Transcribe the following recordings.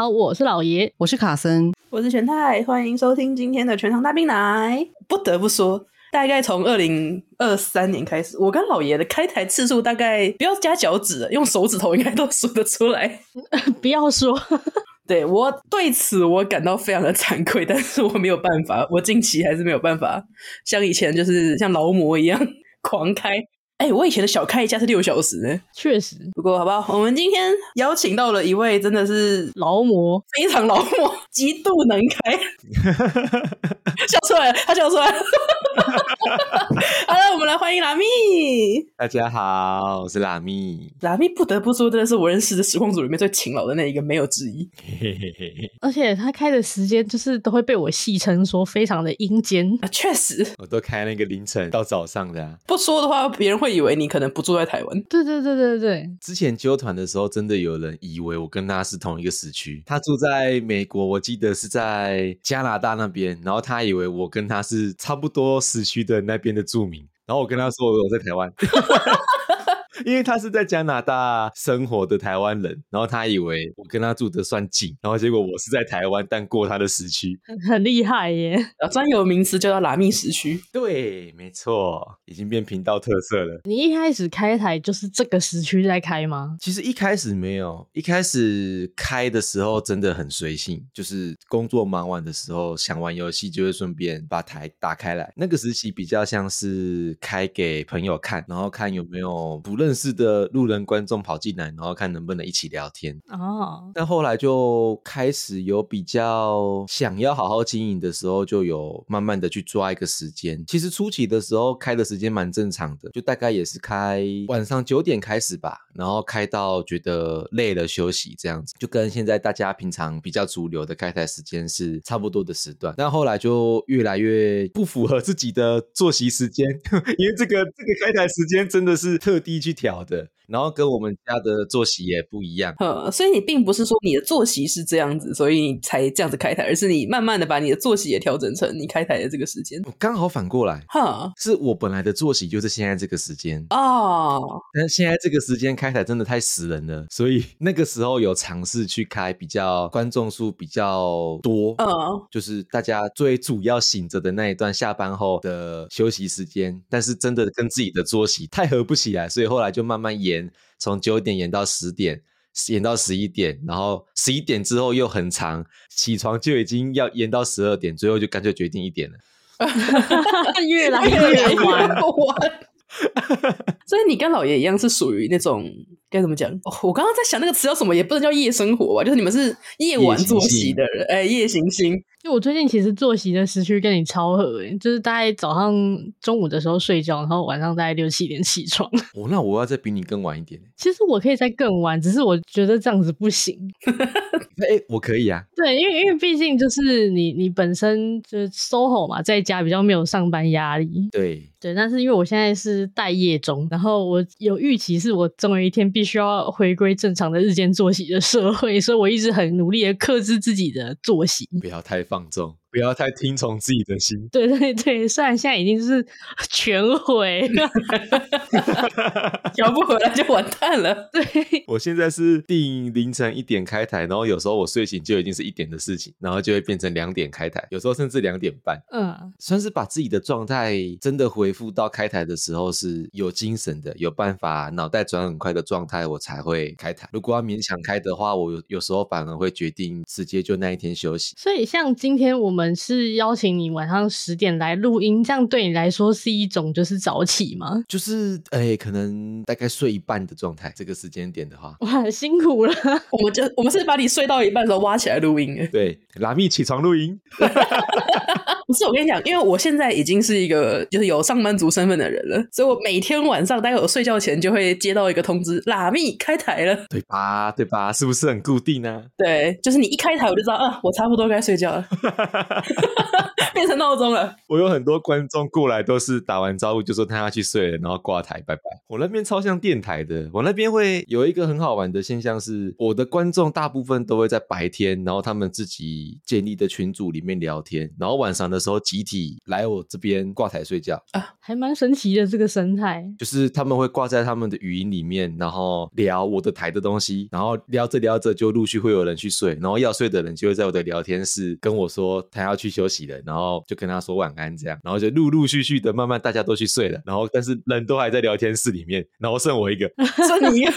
好，我是老爺，我是卡森，我是玄太，歡迎收聽今天的全糖大冰奶。不得不說，大概從二零二三年開始，我跟老爺的開台次數大概，不要加腳趾，用手指頭應該都數得出來。 不要說， 對，我對此我感到非常的慚愧，但是我沒有辦法，我近期還是沒有辦法像以前就是像勞模一樣狂開。哎、欸，我以前的小開一下是六小時呢，確實。不過，好不好？我們今天邀請到了一位真的是勞模，非常勞模。極度能開，， 笑出來了，他笑出來了。 好了，我們來歡迎喇密。大家好，我是喇密。喇密不得不說，真的是我認識的時空組裡面最勤勞的那一個，沒有質疑。而且他開的時間就是都會被我戲稱說非常的陰間。啊，確實，我都開那個凌晨到早上的。啊，不說的話，別人會以為你可能不住在台灣。對對對對對，對。之前揪團的時候，真的有人以為我跟他是同一個時區，他住在美國。我。我記得是在加拿大那邊，然後他以為我跟他是差不多時區的那邊的住民，然後我跟他說我在台灣。 因為他是在加拿大生活的台灣人，然後他以為我跟他住的算近，然後結果我是在台灣，但過他的時區，很厲害耶！啊，專有名詞就叫喇密時區。對，沒錯，已經變頻道特色了。你一開始開台就是這個時區在開嗎？其實一開始沒有，一開始開的時候真的很隨性，就是工作忙完的時候想玩遊戲，就會順便把台打開來。那個時期比較像是開給朋友看，然後看有沒有不認。正式的路人觀眾跑進來，然後看能不能一起聊天哦。Oh. 但後來就開始有比較想要好好經營的時候，就有慢慢的去抓一個時間。其實初期的時候開的時間蠻正常的，就大概也是開晚上九點開始吧，然後開到覺得累了休息這樣子，就跟現在大家平常比較主流的開台時間是差不多的時段。但後來就越來越不符合自己的作息時間，呵呵，因為這個這個開台時間真的是特地去。曉得。然後跟我們家的作息也不一樣，嗯，所以你並不是說你的作息是這樣子，所以你才這樣子開台，而是你慢慢的把你的作息也調整成你開台的這個時間。我剛好反過來，哈呵，是我本來的作息就是現在這個時間哦，但是現在這個時間開台真的太死人了，所以那個時候有嘗試去開比較觀眾數比較多，嗯、哦，就是大家最主要醒着的那一段下班後的休息時間，但是真的跟自己的作息太合不起來，所以後來就慢慢延。從九點延到十點，延到十一點，然後十一點之後又很長，起床就已經要延到十二點，最後就乾脆決定一點了， 越來越晚 所以你跟老爺一樣是屬於那種。該怎麼講、哦？我剛剛在想那個詞叫什麼，也不能叫夜生活吧、啊，就是你們是夜晚作息的人，哎、欸，夜行星。就我最近其實作息的時區跟你超合、欸，就是大概早上中午的時候睡覺，然後晚上大概六七點起床。哦，那我要再比你更晚一點。其實我可以再更晚，只是我覺得這樣子不行。哎、 欸，我可以啊。對，因為因為畢竟就是你你本身就 SOHO 嘛，在家比較沒有上班壓力。對對，但是因為我現在是待業中，然後我有預期是我終有一天必須要回歸正常的日間作息的社會，所以我一直很努力的克制自己的作息，不要太放縱。不要太聽從自己的心。對對對，雖然現在已經是全毀了，調 不回來就完蛋了。對，我現在是定凌晨一點開台，然後有時候我睡醒就已經是一點的事情，然後就會變成兩點開台，有時候甚至兩點半。嗯，算是把自己的狀態真的恢復到開台的時候是有精神的，有辦法腦袋轉很快的狀態，我才會開台。如果要勉強開的話，我有，有時候反而會決定直接就那一天休息。所以像今天我們。我們是邀請你晚上十點來錄音，這樣對你來說是一種就是早起嗎？就是誒、欸，可能大概睡一半的狀態，這個時間點的話，哇，辛苦了。 我們就我們是把你睡到一半的時候挖起來錄音。對，喇密起床錄音。 不是，我跟你講，因為我現在已經是一個就是有上班族身份的人了，所以我每天晚上待會兒睡覺前就會接到一個通知，喇密開台了，對吧？對吧？是不是很固定啊？對，就是你一開台我就知道，啊，我差不多該睡覺了，哈哈哈，變成鬧鐘了。我有很多觀眾過來都是打完招呼就說他要去睡了，然後掛台拜拜。我那邊超像電台的，我那邊會有一個很好玩的現象是，我的觀眾大部分都會在白天，然後他們自己建立的群組裡面聊天，然後晚上的時候集體來我這邊掛台睡覺啊，還蠻神奇的這個生態，就是他們會掛在他們的語音裡面，然後聊我的台的東西，然後聊着聊着就陸續會有人去睡，然後要睡的人就會在我的聊天室跟我說他要去休息了，然後就跟他說晚安這樣，然後就陸陸續續的慢慢大家都去睡了，然後但是人都還在聊天室裡面，然後剩我一個， 剩你一個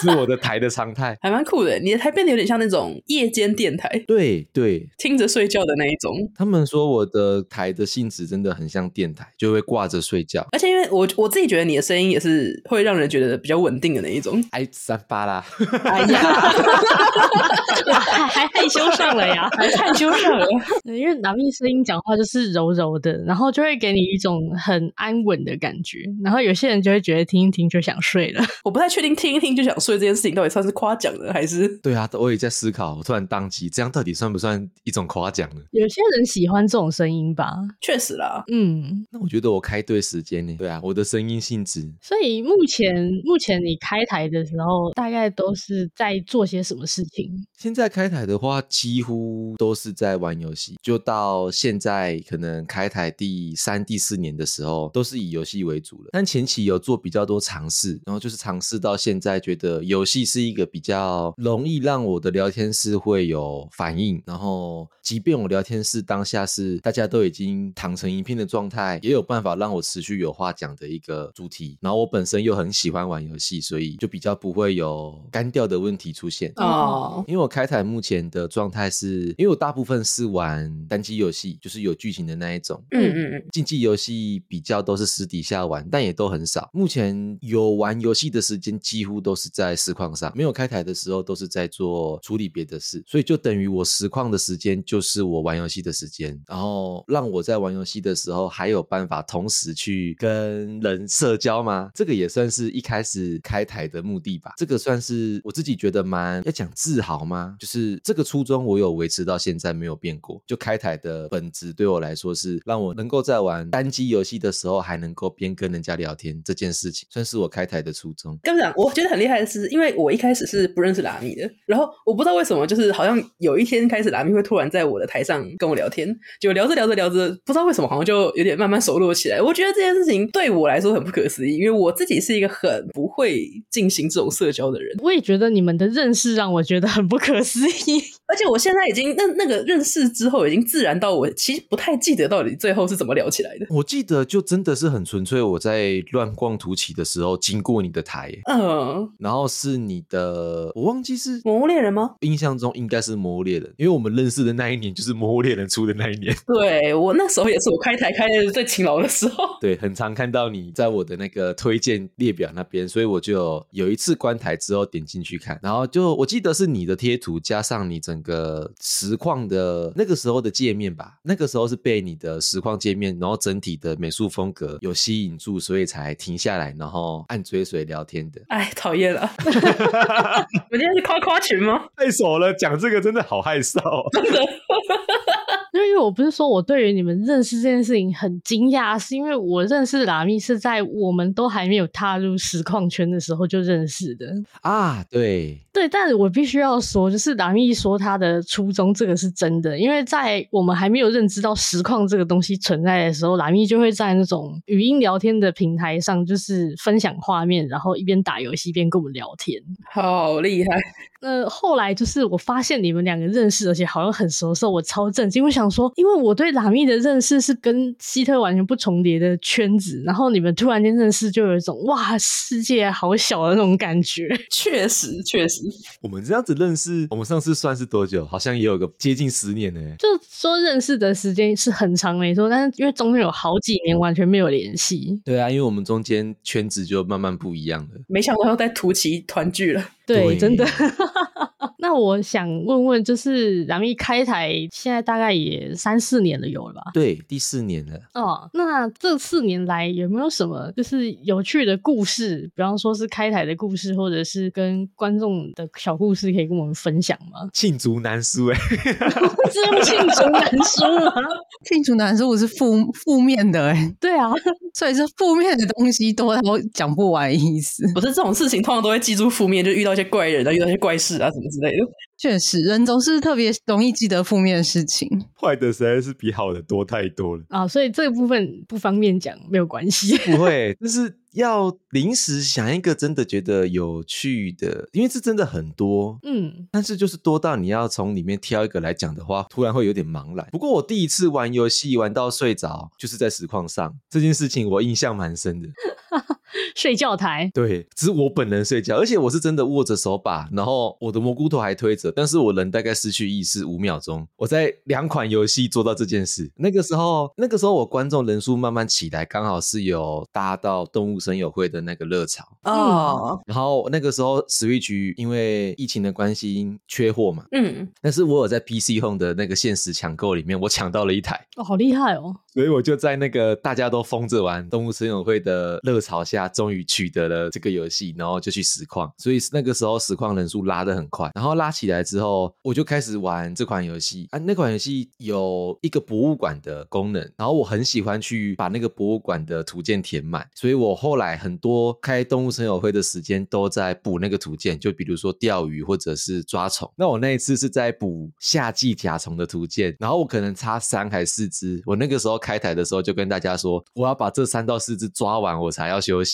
是我的台的常態，還蠻酷的，你的台變得有點像那種夜間電台，對對，對，聽着睡覺的那一種，他們說我的。呃，台的性質真的很像電台，就會掛着睡覺。而且因為我我自己覺得你的聲音也是會讓人覺得比較穩定的那一種。哎，三八啦！哎呀 還，還害羞上了呀？還 害羞上了？因為喇密聲音講話就是柔柔的，然後就會給你一種很安穩的感覺。然後有些人就會覺得聽一聽就想睡了。我不太確定聽一聽就想睡這件事情到底算是誇獎的還是？對啊，我也在思考。我突然當機，這樣到底算不算一種誇獎呢？有些人喜歡這種聲音。音吧，確實了，嗯，那我覺得我開對時間呢，對啊，我的聲音性質，所以目前目前你開台的時候，大概都是在做些什麼事情？現在開台的話，幾乎都是在玩遊戲，就到現在可能開台第三、第四年的時候，都是以遊戲為主了。但前期有做比較多嘗試，然後就是嘗試到現在，覺得遊戲是一個比較容易讓我的聊天室會有反應，然後即便我聊天室當下是大家都已經躺成一片的狀態，也有辦法讓我持續有話講的一個主題。然後我本身又很喜歡玩遊戲，所以就比較不會有乾掉的問題出現哦。Oh. 因為我開台目前的狀態是，因為我大部分是玩單機遊戲，就是有劇情的那一種。嗯嗯嗯。Hmm. 競技遊戲比較都是私底下玩，但也都很少。目前有玩遊戲的時間幾乎都是在實況上，沒有開台的時候都是在做處理別的事，所以就等於我實況的時間就是我玩遊戲的時間，然後。哦，讓我在玩遊戲的時候還有辦法同時去跟人社交嗎？這個也算是一開始開台的目的吧。這個算是我自己覺得蠻要講自豪嗎？就是這個初衷，我有維持到現在沒有變過。就開台的本質對我來說是讓我能夠在玩單機遊戲的時候還能夠邊跟人家聊天，這件事情算是我開台的初衷。我覺得很厲害的是，因為我一開始是不認識喇密的，然後我不知道為什麼，就是好像有一天開始喇密會突然在我的台上跟我聊天，就聊聊着聊着，不知道為什麼，好像就有點慢慢熟絡起來。我覺得這件事情對我來說很不可思議，因為我自己是一個很不會進行這種社交的人。我也覺得你們的認識讓我覺得很不可思議。而且我現在已經那那個認識之後，已經自然到我其實不太記得到底最後是怎麼聊起來的。我記得就真的是很純粹，我在亂逛圖奇的時候經過你的台，嗯，然後是你的，我忘記是魔物獵人嗎？印象中應該是魔物獵人，因為我們認識的那一年就是魔物獵人出的那一年。對，我那時候也是我開台開的最勤勞的時候， 對，很常看到你在我的那個推薦列表那邊，所以我就有一次關台之後點進去看，然後就我記得是你的貼圖加上你整個。個實況的那個時候的界面吧，那個時候是被你的實況界面，然後整體的美術風格有吸引住，所以才停下來，然後按追隨聊天的。哎，討厭了！我 今天是誇誇群嗎？太熟了，講這個真的好害臊、喔。真的 對。哈哈哈。因為，我不是說我對於你們認識這件事情很驚訝，是因為我認識喇密是在我們都還沒有踏入實況圈的時候就認識的啊。對，對，但是我必須要說，就是喇密一說他。他的初衷這個是真的，因為在我們還沒有認知到實況這個東西存在的時候，喇密就會在那種語音聊天的平台上，就是分享畫面，然後一邊打遊戲一邊跟我們聊天，好厲害。那、呃、後來就是我發現你們兩個認識，而且好像很熟的時候，我超震驚，我想說，因為我對喇密的認識是跟希特完全不重疊的圈子，然後你們突然間認識，就有一種哇世界好小的那種感覺。確實，確實，我們這樣子認識，我們上次算是。多久？好像也有個接近十年呢、欸。就說認識的時間是很長沒錯，但是因為中間有好幾年完全沒有聯繫。對啊，因為我們中間圈子就慢慢不一樣了。沒想到要在土耳其團聚了。對，對真的。 那我想問問，就是咱們一開台，現在大概也三四年了，有了吧？對，第四年了。哦，那這四年來有沒有什麼就是有趣的故事？比方說是開台的故事，或者是跟觀眾的小故事，可以跟我們分享嗎？罄竹難書、欸，哎， 不是罄竹難書啊！罄竹難書，我是負負面的、欸，哎，對啊， 所以是負面的東西多，都講不完，意思。不是這種事情，通常都會記住負面，就遇到。一些怪人啊，遇到有些怪事啊，什麼之類的，確實，人總是特別容易記得負面的事情，壞的實在是比好的多太多了啊。所以這個部分不方便講，沒有關係，不會，就是要臨時想一個真的覺得有趣的，因為這真的很多，嗯，但是就是多到你要從裡面挑一個來講的話，突然會有點茫然。不過我第一次玩遊戲玩到睡着，就是在實況上，這件事情我印象蠻深的。 睡覺台對，只是我本人睡覺，而且我是真的握着手把，然後我的蘑菇頭還推着，但是我人大概失去意識五秒鐘。我在兩款遊戲做到這件事，那個時候，那個時候我觀眾人數慢慢起來，剛好是有搭到動物森友會的那個熱潮哦。然後那個時候，Switch 因為疫情的關係缺貨嘛，嗯，但是我有在 PC Home 的那個限時搶購裡面，我搶到了一台，哦，好厲害哦。所以我就在那個大家都瘋着玩動物森友會的熱潮下。他終於取得了這個遊戲，然後就去實況，所以那個時候實況人數拉得很快。然後拉起來之後，我就開始玩這款遊戲。啊，那款遊戲有一個博物館的功能，然後我很喜歡去把那個博物館的圖鑑填滿。所以我後來很多開動物森友會的時間都在補那個圖鑑，就比如說釣魚或者是抓蟲。那我那一次是在補夏季甲蟲的圖鑑，然後我可能差三還四隻。我那個時候開台的時候就跟大家說，我要把這三到四隻抓完我才要休息。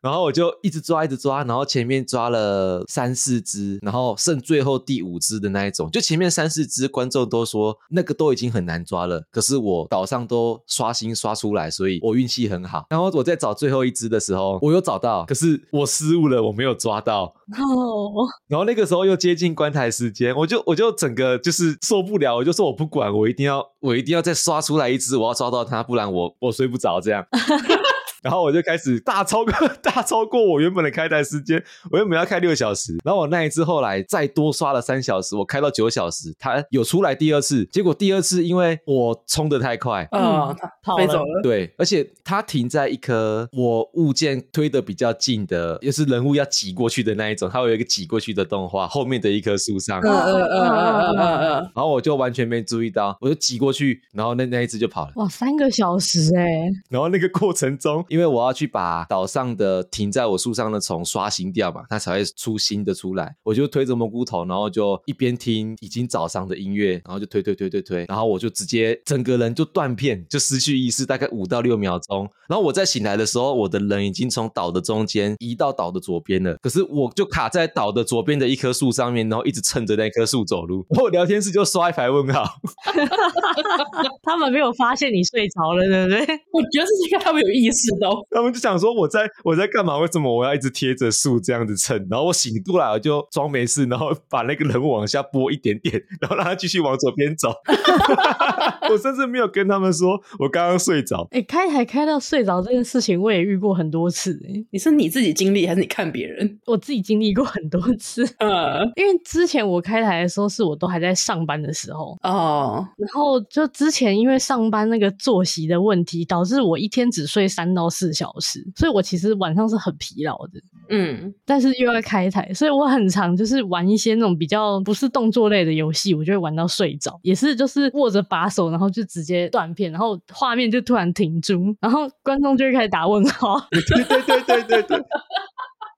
然後我就一直抓，一直抓，然後前面抓了三四隻，然後剩最後第五隻的那一種。就前面三四隻，觀眾都說那個都已經很難抓了，可是我島上都刷新刷出來，所以我運氣很好。然後我在找最後一隻的時候，我又找到，可是我失誤了，我沒有抓到。哦。Oh. 然後那個時候又接近關台時間，我就我就整個就是受不了，我就說我不管，我一定要我一定要再刷出來一隻，我要抓到它，不然我我睡不着這樣。 然後我就開始大超過大超過我原本的開台時間，我原本要開六小時。然後我那一次後來再多刷了三小時，我開到九小時，它有出來第二次。結果第二次因為我衝得太快啊，飛走、嗯、了。對，而且它停在一棵我物件推得比較近的，又、就是人物要擠過去的那一種，它有一個擠過去的動畫，後面的一棵樹上。嗯嗯嗯嗯嗯嗯，然後我就完全沒注意到，我就擠過去，然後那那一次就跑了。哇，三個小時哎、欸。然後那個過程中。因為我要去把島上的停在我樹上的蟲刷新掉嘛，它才會出新的出來。我就推着蘑菇頭，然後就一邊聽已經早上的音樂，然後就推推推推推，然後我就直接整個人就斷片，就失去意識，大概五到六秒鐘。然後我再醒來的時候，我的人已經從島的中間移到島的左邊了。可是我就卡在島的左邊的一棵樹上面，然後一直蹭着那棵樹走路。我聊天室就刷一排問號， 他們沒有發現你睡着了，對不對？ 我覺得是因為他們有意識。他們就想說我，我在我在幹嘛？為什麼我要一直貼着樹這樣子蹭？然後我醒過來，我就裝沒事，然後把那個人物往下撥一點點，然後讓他繼續往左邊走。 我甚至沒有跟他們說我剛剛睡着。哎、欸，開台開到睡着這件事情，我也遇過很多次、欸。你是你自己經歷還是你看別人？我自己經歷過很多次。嗯， 因為之前我開台的時候，是我都還在上班的時候哦。Oh. 然後就之前因為上班那個作息的問題，導致我一天只睡三到。四小時，所以我其實晚上是很疲勞的，嗯，但是又要開台，所以我很常就是玩一些那種比較不是動作類的遊戲，我就會玩到睡着，也是就是握着把手，然後就直接斷片，然後畫面就突然停住，然後觀眾就會開始打問號，對對對對對對。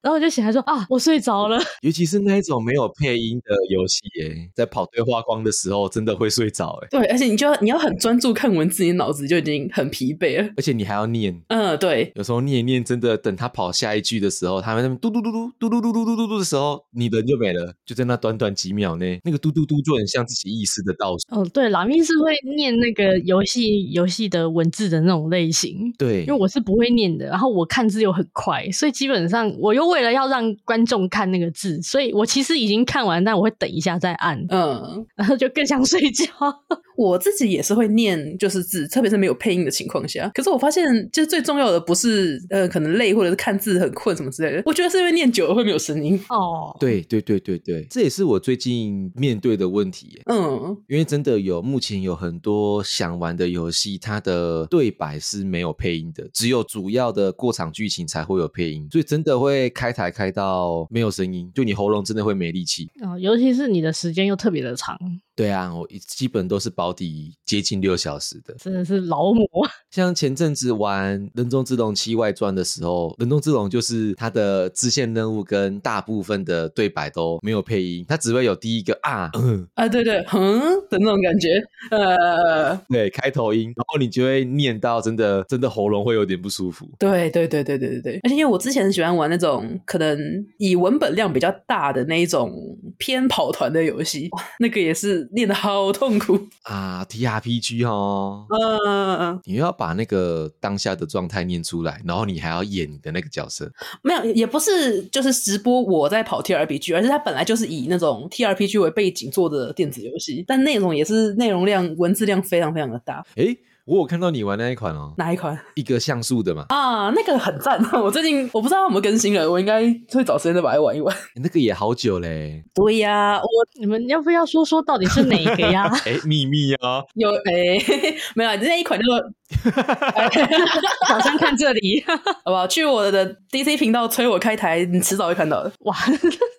然後我就醒來說啊，我睡着了。尤其是那一種沒有配音的遊戲，哎，在跑對話框的時候，真的會睡着，哎。對，而且你就你要很專注看文字，你腦子就已經很疲憊了。而且你還要念，嗯，對。有時候念一念，真的等他跑下一句的時候，他們那邊嘟嘟嘟嘟嘟嘟嘟嘟嘟嘟嘟的時候，你人就沒了，就在那短短幾秒內，那個嘟嘟嘟就很像自己意識的倒數。哦，對，喇密是會念那個遊戲遊戲的文字的那種類型，對，因為我是不會念的，然後我看字又很快，所以基本上我用。為了要讓觀眾看那個字，所以我其實已經看完，但我會等一下再按。嗯，然後就更想睡覺。 我自己也是會念，就是字，特別是沒有配音的情況下。可是我發現，就是最重要的不是呃，可能累或者是看字很困什麼之類的。我覺得是因為念久了會沒有聲音。哦，對對對對對，這也是我最近面對的問題。嗯，因為真的有，目前有很多想玩的遊戲，它的對白是沒有配音的，只有主要的過場劇情才會有配音，所以真的會看。開台開到沒有聲音，就你喉嚨真的會沒力氣啊，哦，尤其是你的時間又特別的長。對啊，我一，基本都是保底接近六小時的，真的是勞模。像前陣子玩《人中之龍七外傳》的時候，《人中之龍》就是它的支線任務跟大部分的對白都沒有配音，它只會有第一個啊，呃、啊，對對，嗯的那種感覺，呃，對，開頭音，然後你就會念到，真的真的喉嚨會有點不舒服。對對對對對對對，而且因為我之前是喜歡玩那種可能以文本量比較大的那一種偏跑團的遊戲，那個也是。念的好痛苦啊！T R P G 哦，嗯、啊，你又要把那個當下的狀態念出來，然後你還要演你的那個角色，沒有，也不是，就是直播我在跑 T R P G，而是它本來就是以那種 T R P G 為背景做的電子遊戲，但內容也是內容量、文字量非常非常的大，哎。我有看到你玩那一款哦，哪一款？一個像素的嘛。啊，那個很讚。我最近我不知道有沒有更新了，我應該會找時間再把它玩一玩，欸。那個也好久嘞。對呀，啊，我你們要不要說說到底是哪個呀？哎、 欸，秘密啊。有哎，欸，沒有，啊，只這一款就。 好像看這裡， 好不好？去我的 DC 頻道催我開台，你遲早會看到的。哇！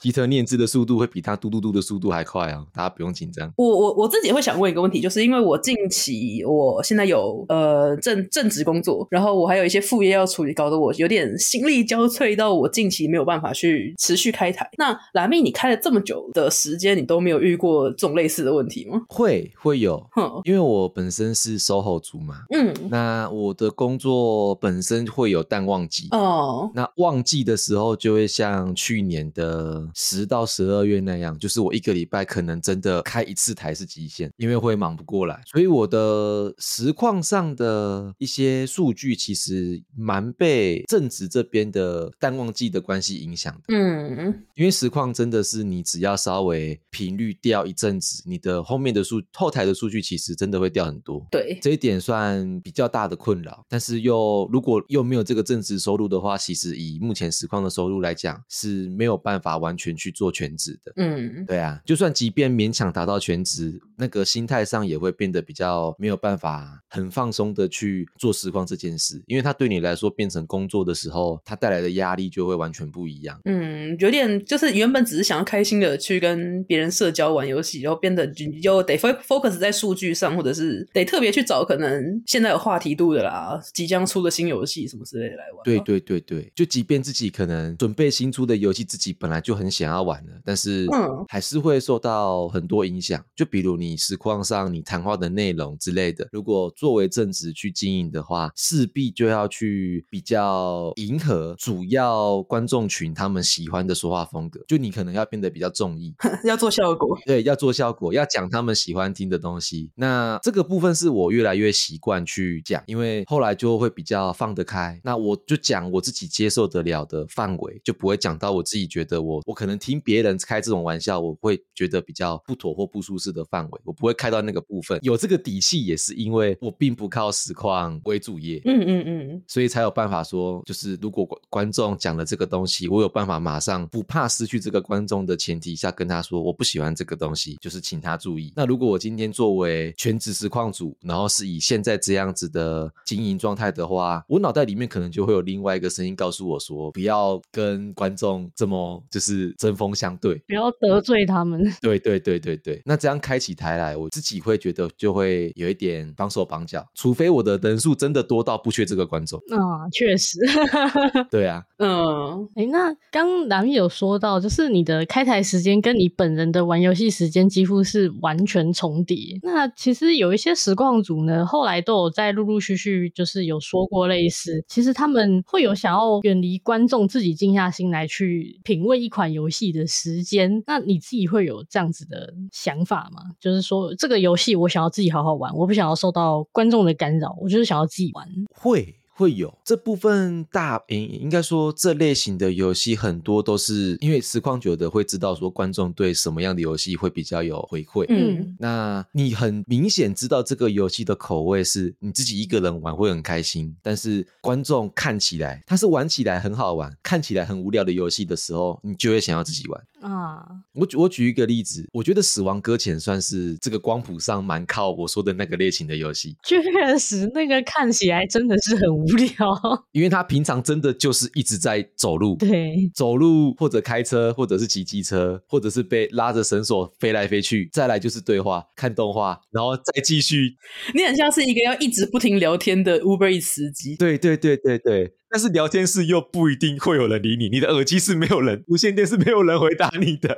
吉特唸字的速度會比他嘟嘟嘟的速度還快啊、哦！大家不用緊張。我我我自己也會想問一個問題，就是因為我近期我現在有呃正正職工作，然後我還有一些副業要處理，搞得我有點心力交瘁，到我近期沒有辦法去持續開台。那喇密，你開了這麼久的時間，你都沒有遇過這種類似的問題嗎？會會有，哼，因為我本身是 SOHO 族嘛，嗯，那我的工作本身會有淡旺季哦，那旺季的時候就會像去年的。十到十二月那樣，就是我一個禮拜可能真的開一次台是極限，因為會忙不過來。所以我的實況上的一些數據其實蠻被正職這邊的淡旺季的關係影響的。嗯，因為實況真的是你只要稍微頻率掉一陣子，你的後面的數後台的數據其實真的會掉很多。對，這一點算比較大的困擾。但是又如果又沒有這個正職收入的話，其實以目前實況的收入來講是沒有辦法完。全去做全職的，嗯，對啊，就算即便勉強達到全職，那個心態上也會變得比較沒有辦法很放鬆的去做實況這件事，因為它對你來說變成工作的時候，它帶來的壓力就會完全不一樣。嗯，有點就是原本只是想要開心的去跟別人社交、玩遊戲，然後變得又得 focus 在數據上，或者是得特別去找可能現在有話題度的啦，即將出的新遊戲什麼之類的來玩啊。對對對對，就即便自己可能準備新出的遊戲，自己本來就很。想要玩了，但是還是會受到很多影響。就比如你實況上你談話的內容之類的，如果作為正職去經營的話，勢必就要去比較迎合主要觀眾群他們喜歡的說話風格。就你可能要變得比較中意， 要做效果，對，要做效果，要講他們喜歡聽的東西。那這個部分是我越來越習慣去講，因為後來就會比較放得開。那我就講我自己接受得了的範圍，就不會講到我自己覺得我我。可能聽別人開這種玩笑，我會覺得比較不妥或不舒適的範圍，我不會開到那個部分。有這個底氣，也是因為我並不靠實況為主業，嗯嗯嗯，所以才有辦法說，就是如果觀眾講了這個東西，我有辦法馬上不怕失去這個觀眾的前提下，跟他說我不喜歡這個東西，就是請他注意。那如果我今天作為全職實況主，然後是以現在這樣子的經營狀態的話，我腦袋裡面可能就會有另外一個聲音告訴我說，不要跟觀眾這麼就是。針鋒相對，不要得罪他們。對對對對對，那這樣開起台來，我自己會覺得就會有一點綁手綁腳，除非我的人數真的多到不缺這個觀眾啊、哦，確實， 對啊，嗯，哎，那剛喇密有說到，就是你的開台時間跟你本人的玩遊戲時間幾乎是完全重疊。那其實有一些實況組呢，後來都有在陸陸續續就是有說過類似，其實他們會有想要遠離觀眾，自己靜下心來去品味一款遊戲。遊戲的時間，那你自己會有這樣子的想法嗎？就是說，這個遊戲我想要自己好好玩，我不想要受到觀眾的干擾，我就是想要自己玩。會。會有這部分大，應應該說，這類型的遊戲很多都是因為實況久的會知道說，觀眾對什麼樣的遊戲會比較有回饋，嗯，那你很明顯知道這個遊戲的口味是你自己一個人玩會很開心，嗯、但是觀眾看起來他是玩起來很好玩，看起來很無聊的遊戲的時候，你就會想要自己玩啊。我我舉一個例子，我覺得《死亡擱淺》算是這個光譜上蠻靠我說的那個類型的遊戲，確實那個看起來真的是很無。 無聊，因為他平常真的就是一直在走路，對，走路或者開車，或者是騎機車，或者是被拉着繩索飛來飛去，再來就是對話、看動畫，然後再繼續。你很像是一個要一直不停聊天的 Uber 司機。對對對對對。但是聊天室又不一定會有人理你，你的耳機是沒有人，無線電是沒有人回答你的。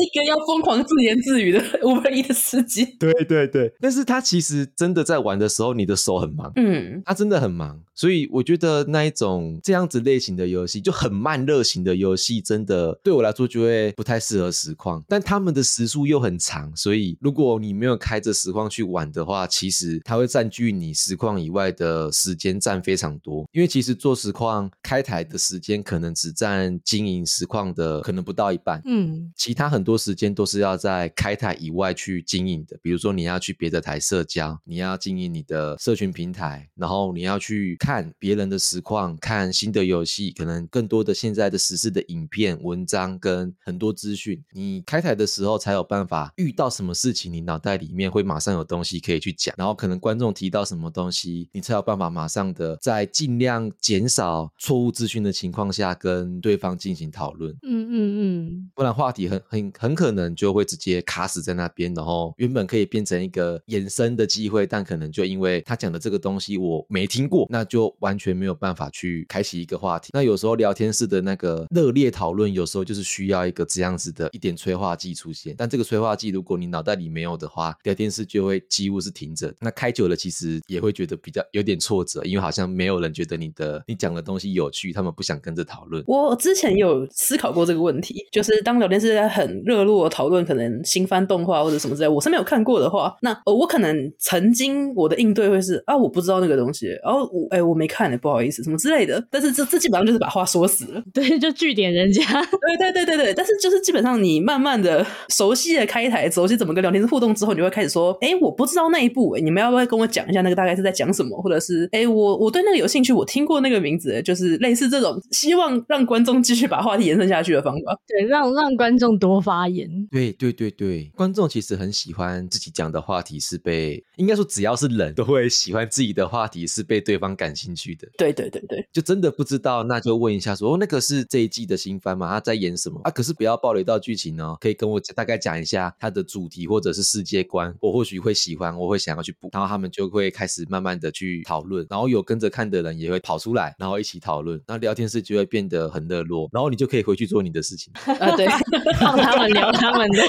一個要瘋狂自言自語的五分儀的司機。對對對，但是他其實真的在玩的時候，你的手很忙，嗯，他真的很忙，所以我覺得那一種這樣子類型的遊戲，就很慢熱型的遊戲，真的對我來說就會不太適合實況。但他們的時數又很長，所以如果你沒有開着實況去玩的話，其實他會占據你實況以外的時間占非常多，因為其實做。實況開台的時間可能只占經營實況的可能不到一半，嗯，其他很多時間都是要在開台以外去經營的。比如說你要去別的台社交，你要經營你的社群平台，然後你要去看別人的實況，看新的遊戲，可能更多的現在的時事的影片、文章跟很多資訊，你開台的時候才有辦法遇到什麼事情，你腦袋裡面會馬上有東西可以去講，然後可能觀眾提到什麼東西，你才有辦法馬上的在盡量減少。少錯誤資訊的情況下跟對方進行討論，嗯嗯嗯，不然話題很很很可能就會直接卡死在那邊，然後原本可以變成一個衍生的機會，但可能就因為他講的這個東西我沒聽過，那就完全沒有辦法去開啟一個話題。那有時候聊天室的那個熱烈討論，有時候就是需要一個這樣子的一點催化劑出現，但這個催化劑如果你腦袋裡沒有的話，聊天室就會幾乎是停着。那開久了其實也會覺得比較有點挫折，因為好像沒有人覺得你的你。講的東西有趣，他們不想跟着討論。我之前也有思考過這個問題，就是當聊天室在很熱絡討論，可能新番動畫或者什麼之類的，我是沒有看過的話，那我可能曾經我的應對會是啊，我不知道那個東西，然、啊、後我哎、欸、我沒看、欸，不好意思，什麼之類的。但是這這基本上就是把話說死了，對，就據點人家。對對對對對，但是就是基本上你慢慢的熟悉的開台，熟悉怎麼跟聊天室互動之後，你就會開始說，哎、欸，我不知道那一部，哎，你們要不要跟我講一下那個大概是在講什麼，或者是哎、欸、我我對那個有興趣，我聽過那個名。就是類似這種，希望讓觀眾繼續把話題延伸下去的方法，對，讓讓觀眾多發言，對對對對，觀眾其實很喜歡自己講的話題是被。應該說，只要是人都會喜歡自己的話題是被對方感興趣的。對對對對，就真的不知道，那就問一下，說哦，那個是這一季的新番嘛？他、啊、在演什麼啊？可是不要暴雷到劇情哦，可以跟我大概講一下他的主題或者是世界觀，我或許會喜歡，我會想要去補。然後他們就會開始慢慢的去討論，然後有跟着看的人也會跑出來，然後一起討論，那聊天室就會變得很熱絡，然後你就可以回去做你的事情啊。對， 放他們聊他們的。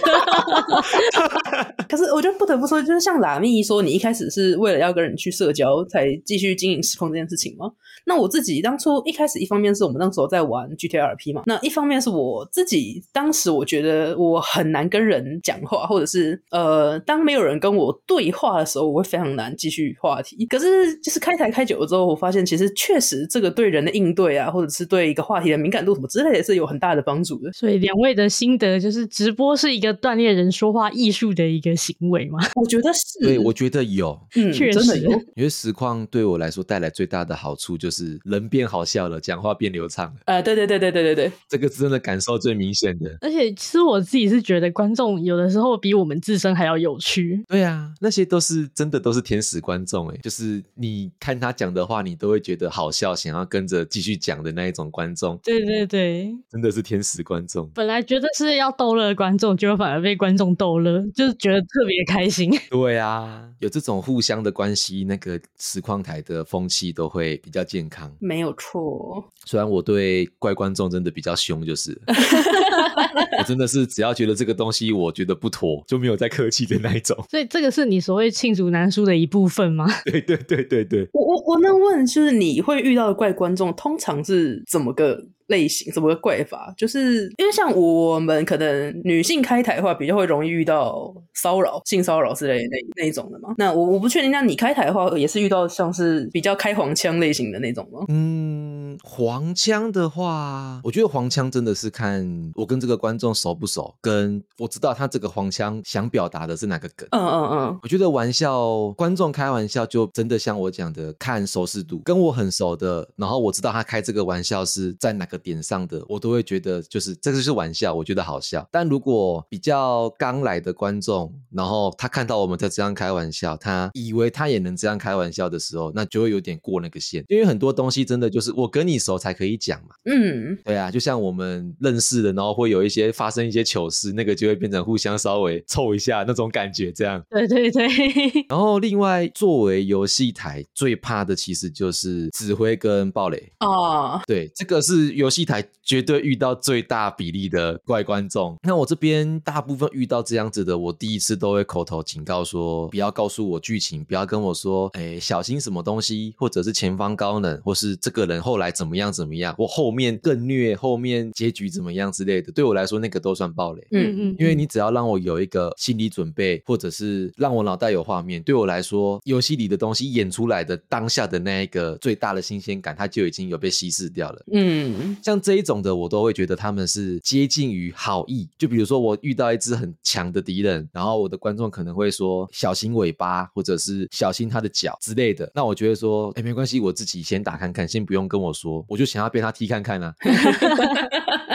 可是我就不得不說，就是像喇密說的。你一開始是為了要跟人去社交才繼續經營實況這件事情嗎？那我自己當初一開始一方面是我們那時候在玩 GTA RP 嘛，那一方面是我自己當時我覺得我很難跟人講話，或者是呃，當沒有人跟我對話的時候，我會非常難繼續話題。可是就是開台開久了之後，我發現其實確實這個對人的應對啊，或者是對一個話題的敏感度什麼之類也是有很大的幫助的。所以兩位的心得就是直播是一個鍛鍊人說話藝術的一個行為嗎？我覺得是，對我覺。覺得有，嗯、有確實，因為實況對我來說帶來最大的好處就是人變好笑了，講話變流暢了。啊、呃，對對對對對對對，這個是真的感受最明顯的。而且其實我自己是覺得觀眾有的時候比我們自身還要有趣。對啊，那些都是真的都是天使觀眾哎、欸，就是你看他講的話，你都會覺得好笑，想要跟着繼續講的那一種觀眾。對對對，真的是天使觀眾。本來覺得是要逗樂的觀眾，結果反而被觀眾逗樂，就是覺得特別開心。對啊。有這種互相的關係，那個實況台的風氣都會比較健康，沒有錯。雖然我對怪觀眾真的比較兇，就是 我真的是只要覺得這個東西我覺得不妥，就沒有再客氣的那一種。所以這個是你所謂罄竹難書的一部分嗎？對對對對對。我我我能問，就是你會遇到的怪觀眾，通常是怎麼個？類型什麼怪法？就是因為像我們可能女性開台的話，比較會容易遇到騷擾、性騷擾之類那那種的嘛。那我我不確定，那你開台的話，也是遇到像是比較開黃腔類型的那種嗎？嗯，黃腔的話，我覺得黃腔真的是看我跟這個觀眾熟不熟，跟我知道他這個黃腔想表達的是哪個梗。嗯嗯嗯，我覺得玩笑，觀眾開玩笑就真的像我講的，看熟識度，跟我很熟的，然後我知道他開這個玩笑是在哪的點上的我都會覺得，就是這個是玩笑，我覺得好笑。但如果比較剛來的觀眾，然後他看到我們在這樣開玩笑，他以為他也能這樣開玩笑的時候，那就會有點過那個線，因為很多東西真的就是我跟你熟才可以講嘛。嗯，對啊，就像我們認識的，然後會有一些發生一些糗事，那個就會變成互相稍微湊一下那種感覺，這樣。對對對。然後另外，作為遊戲台最怕的其實就是指揮跟爆雷。哦，對，這個是。遊戲台絕對遇到最大比例的怪觀眾。那我這邊大部分遇到這樣子的，我第一次都會口頭警告說：不要告訴我劇情，不要跟我說，哎、欸，小心什麼東西，或者是前方高能，或是這個人後來怎麼樣怎麼樣，我後面更虐，後面結局怎麼樣之類的。對我來說，那個都算爆雷。嗯嗯，嗯因為你只要讓我有一個心理準備，或者是讓我腦袋有畫面，對我來說，遊戲裡的東西演出來的當下的那一個最大的新鮮感，它就已經有被稀釋掉了。嗯。像這一種的，我都會覺得他們是接近於好意。就比如說，我遇到一隻很強的敵人，然後我的觀眾可能會說“小心尾巴”或者是“小心他的腳”之類的。那我覺得說，哎、欸，沒關係，我自己先打看看，先不用跟我說，我就想要被他踢看看哈、啊。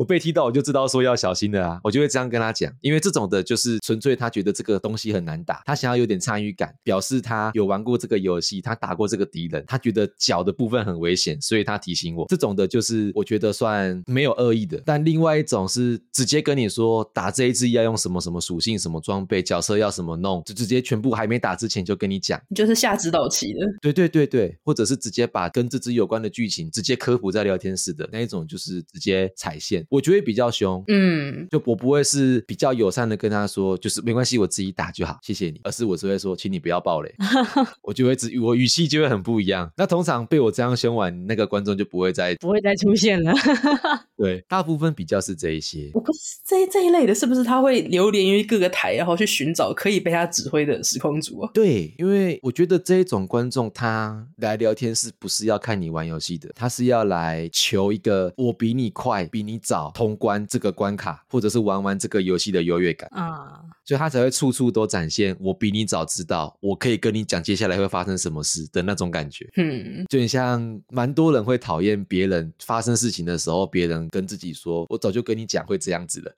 我被踢到，我就知道說要小心的啊，我就會這樣跟他講，因為這種的就是純粹他覺得這個東西很難打，他想要有點參與感，表示他有玩過這個遊戲，他打過這個敵人，他覺得腳的部分很危險，所以他提醒我。這種的就是我覺得算沒有惡意的，但另外一種是直接跟你說打這一只要用什麼什麼屬性、什麼裝備、角色要什麼弄，就直接全部還沒打之前就跟你講，就是下指導棋的。對對對對，或者是直接把跟這支有關的劇情直接科普在聊天室的那一種，就是直接踩線。我覺得比較凶，嗯，就我不會是比較友善的跟他說，就是沒關係，我自己打就好，謝謝你。而是我只會說，請你不要爆雷。 我就會只我語氣就會很不一樣。那通常被我這樣凶完，那個觀眾就不會再不會再出現了。 對，大部分比較是這一些。我不是這一這一類的，是不是他會流連於各個台，然後去尋找可以被他指揮的時空主啊、哦？對，因為我覺得這一種觀眾他來聊天是不是要看你玩遊戲的？他是要來求一個我比你快，比你早。通關這個關卡，或者是玩玩這個遊戲的優越感啊，所以他才會處處都展現我比你早知道，我可以跟你講接下來會發生什麼事的那種感覺。嗯，就很像蠻多人會討厭別人發生事情的時候，別人跟自己說“我早就跟你講會這樣子了”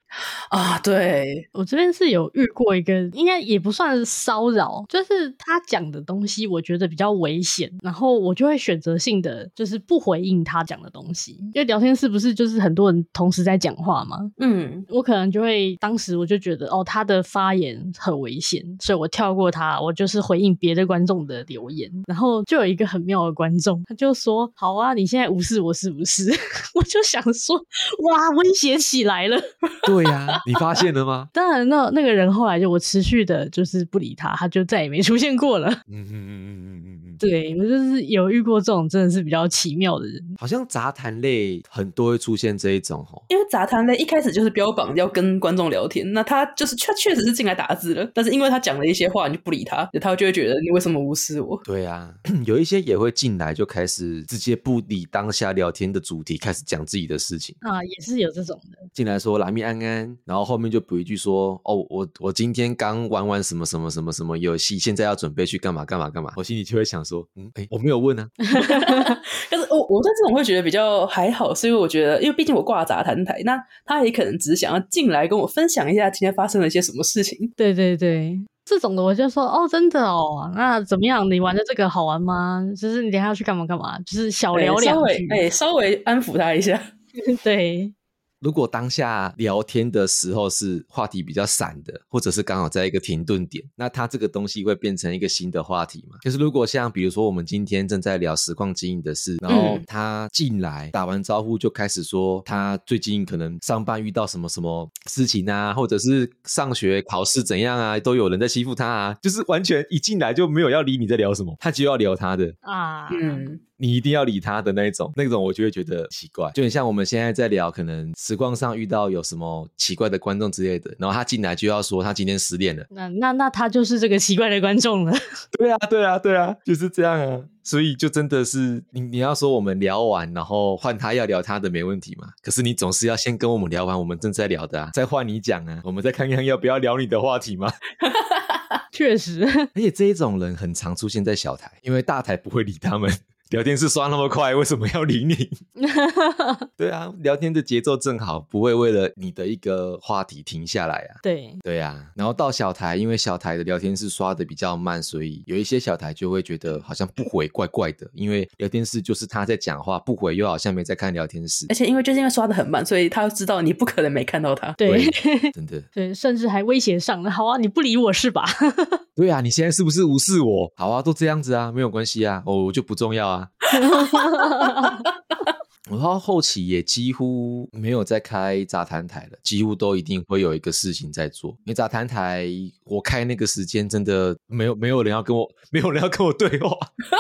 啊。對，我這邊是有遇過一個，應該也不算是騷擾，就是他講的東西我覺得比較危險，然後我就會選擇性的就是不回應他講的東西，因為聊天是不是就是很多人同。是在講話嗎？嗯，我可能就會當時我就覺得哦，他的發言很危險，所以我跳過他，我就是回應別的觀眾的留言。然後就有一個很妙的觀眾，他就說：“好啊，你現在無視我是不是？” 我就想說：“哇，威脅起來了。 ”對呀，啊，你發現了嗎？當然， 那那個人後來就我持續的就是不理他，他就再也沒出現過了。嗯嗯嗯嗯嗯嗯嗯。對，我就是有遇過這種，真的是比較奇妙的人。好像雜談類很多會出現這一種哦，因為雜談類一開始就是標榜要跟觀眾聊天，那他就是確確實是進來打字了，但是因為他講了一些話，你就不理他，他就會覺得你為什麼無視我。對啊，有一些也會進來就開始直接不理當下聊天的主題，開始講自己的事情啊，也是有這種的。進來說喇密安安，然後後面就補一句說哦，我我今天剛玩完什麼什麼什麼什麼遊戲，現在要準備去幹嘛幹嘛幹嘛，我心裡就會想。嗯，哎、欸，我沒有問啊， 但是我我對這種會覺得比較還好，是因為我覺得，因為畢竟我掛雜談台，那他也可能只想要進來跟我分享一下今天發生了一些什麼事情。對對對，這種的我就說哦，真的哦，那怎麼樣？你玩的這個好玩嗎？就是你等下要去幹嘛幹嘛？就是小聊聊。稍微，哎、欸欸，稍微安撫他一下， 對。如果當下聊天的時候是話題比較散的，或者是剛好在一個停頓點，那他這個東西會變成一個新的話題嘛。就是如果像比如說我們今天正在聊實況經營的事，然後他進來打完招呼就開始說他最近可能上班遇到什麼什麼事情啊，或者是上學考試怎樣啊，都有人在欺負他啊，就是完全一進來就沒有要理你在聊什麼，他就要聊他的啊，嗯。你一定要理他的那一種，那種我就會覺得奇怪，就很像我們現在在聊，可能時光上遇到有什麼奇怪的觀眾之類的，然後他進來就要說他今天失戀了。那那那他就是這個奇怪的觀眾了。 對啊，對啊，對啊，就是這樣啊。所以就真的是你你要說我們聊完，然後換他要聊他的沒問題嘛？可是你總是要先跟我們聊完我們正在聊的啊，再換你講啊。我們再看看要不要聊你的話題嘛？ 確實，而且這一種人很常出現在小台，因為大台不會理他們。聊天室刷那麼快，為什麼要理你？ 對啊，聊天的節奏正好不會為了你的一個話題停下來啊。對對啊，然後到小台，因為小台的聊天室刷的比較慢，所以有一些小台就會覺得好像不回怪怪的，因為聊天室就是他在講話，不回又好像沒在看聊天室。而且因為就是因為刷的很慢，所以他知道你不可能沒看到他。對，對真的。 對，甚至還威脅上了，好啊，你不理我是吧？ 對啊，你現在是不是無視我？好啊，都這樣子啊，沒有關係啊，哦、我就不重要啊。 我到後期也幾乎沒有再開雜談台了，幾乎都一定會有一個事情在做。因為雜談台，我開那個時間真的沒有沒有人要跟我，沒有人要跟我對話。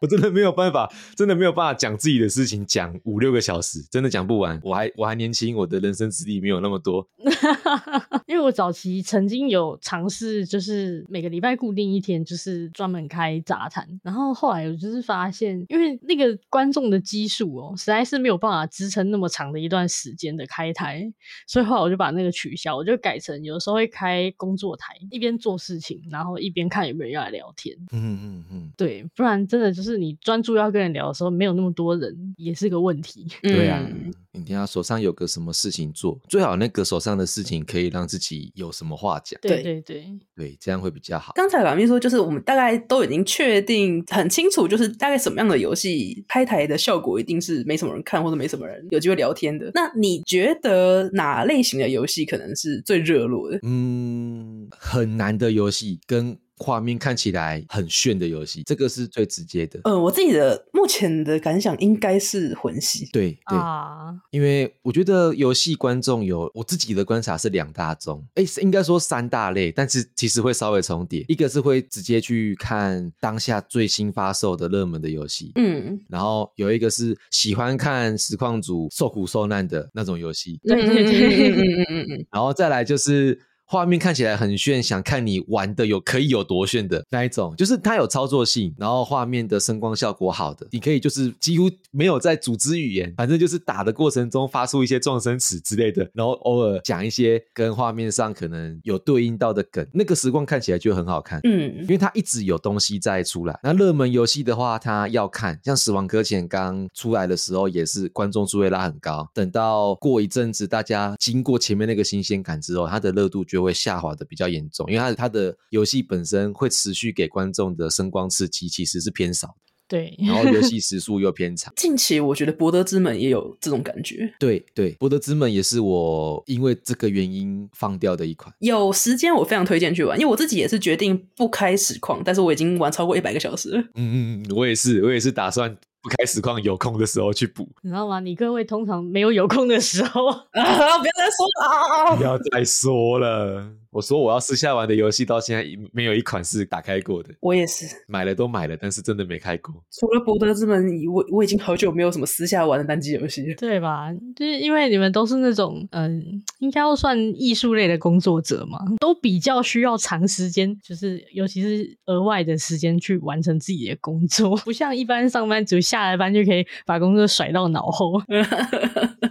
我真的沒有辦法，真的沒有辦法講自己的事情，講五六個小時，真的講不完。我還我還年輕，我的人生資歷沒有那麼多。 因為我早期曾經有嘗試，就是每個禮拜固定一天，就是專門開雜談。然後後來我就是發現，因為那個觀眾的基數哦，實在是沒有辦法支撐那麼長的一段時間的開台，所以後來我就把那個取消，我就改成有時候會開工作台，一邊做事情，然後一邊看有沒有人要來聊天。嗯嗯嗯，對，不然真的就是。就是你專注要跟人聊的時候，沒有那麼多人，也是個問題。對啊，你聽他手上有個什麼事情做，最好那個手上的事情可以讓自己有什麼話講。對對對，對，這樣會比較好。剛才喇密說，就是我們大概都已經確定很清楚，就是大概什麼樣的遊戲拍台的效果一定是沒什麼人看，或者沒什麼人有機會聊天的。那你覺得哪類型的遊戲可能是最熱絡的？嗯，很難的遊戲跟。畫面看起來很炫的遊戲，這個是最直接的。嗯，我自己的目前的感想應該是魂系。對對、啊，因為我覺得遊戲觀眾有我自己的觀察是兩大種，哎、欸，應該說三大類，但是其實會稍微重疊。一個是會直接去看當下最新發售的熱門的遊戲，嗯，然後有一個是喜歡看實況主受苦受難的那種遊戲，嗯對對對對對嗯嗯嗯嗯，然後再來就是。畫面看起來很炫，想看你玩的有可以有多炫的那一種，就是它有操作性，然後畫面的聲光效果好的，你可以就是幾乎沒有在組織語言，反正就是打的過程中發出一些狀聲詞之類的，然後偶爾講一些跟畫面上可能有對應到的梗，那個時光看起來就很好看，嗯，因為它一直有東西在出來。那熱門遊戲的話，它要看，像《死亡擱淺》剛出來的時候也是觀眾數會拉很高，等到過一陣子大家經過前面那個新鮮感之後，它的熱度就。就會下滑的比較嚴重，因為它它的遊戲本身會持續給觀眾的聲光刺激，其實是偏少的。對， 然後遊戲時數又偏長。近期我覺得《博德之門》也有這種感覺。對對，對《博德之門》也是我因為這個原因放掉的一款。有時間我非常推薦去玩，因為我自己也是決定不開實況，但是我已經玩超過一百個小時了。嗯嗯嗯，我也是，我也是打算。開實況，有空的時候去補，你知道嗎？你各位通常沒有有空的時候、 啊，不要，啊、不要再說了，不要再說了。我說我要私下玩的遊戲，到現在沒有一款是打開過的。我也是買了都買了，但是真的沒開過。除了《博德之門》我，我我已經好久沒有什麼私下玩的單機遊戲了，對吧？就是因為你們都是那種嗯、呃，應該要算藝術類的工作者嘛，都比較需要長時間，就是尤其是額外的時間去完成自己的工作，不像一般上班族下了班就可以把工作甩到腦後。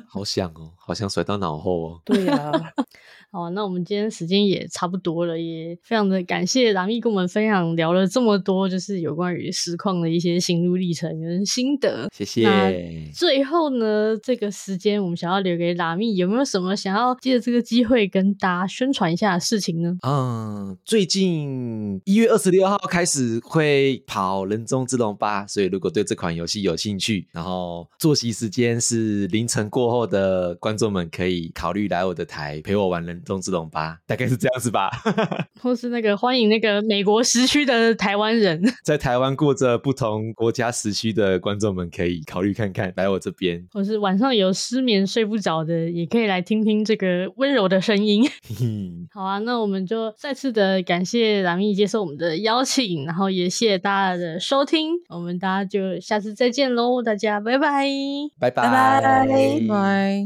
好想哦，好想甩到腦後哦。對啊。 好，那我們今天時間也差不多了，也非常的感謝喇密跟我們分享聊了這麼多，就是有關於實況的一些心路歷程跟心得。謝謝。那最後呢，這個時間我們想要留給喇密，有沒有什麼想要借着這個機會跟大家宣傳一下的事情呢？嗯，最近一月二十六號開始會跑人中之龍八，所以如果對這款遊戲有興趣，然後作息時間是凌晨過後的觀眾們可以考慮來我的台陪我玩人。中之龍吧，大概是這樣子吧。 或是那個歡迎那個美國時區的台灣人， 在台灣過着不同國家時區的觀眾們可以考慮看看來我這邊。或是晚上有失眠睡不着的，也可以來聽聽這個溫柔的聲音。 好啊，那我們就再次的感謝喇密接受我們的邀請，然後也謝謝大家的收聽，我們大家就下次再見嘍，大家拜拜，拜拜拜。Bye bye bye.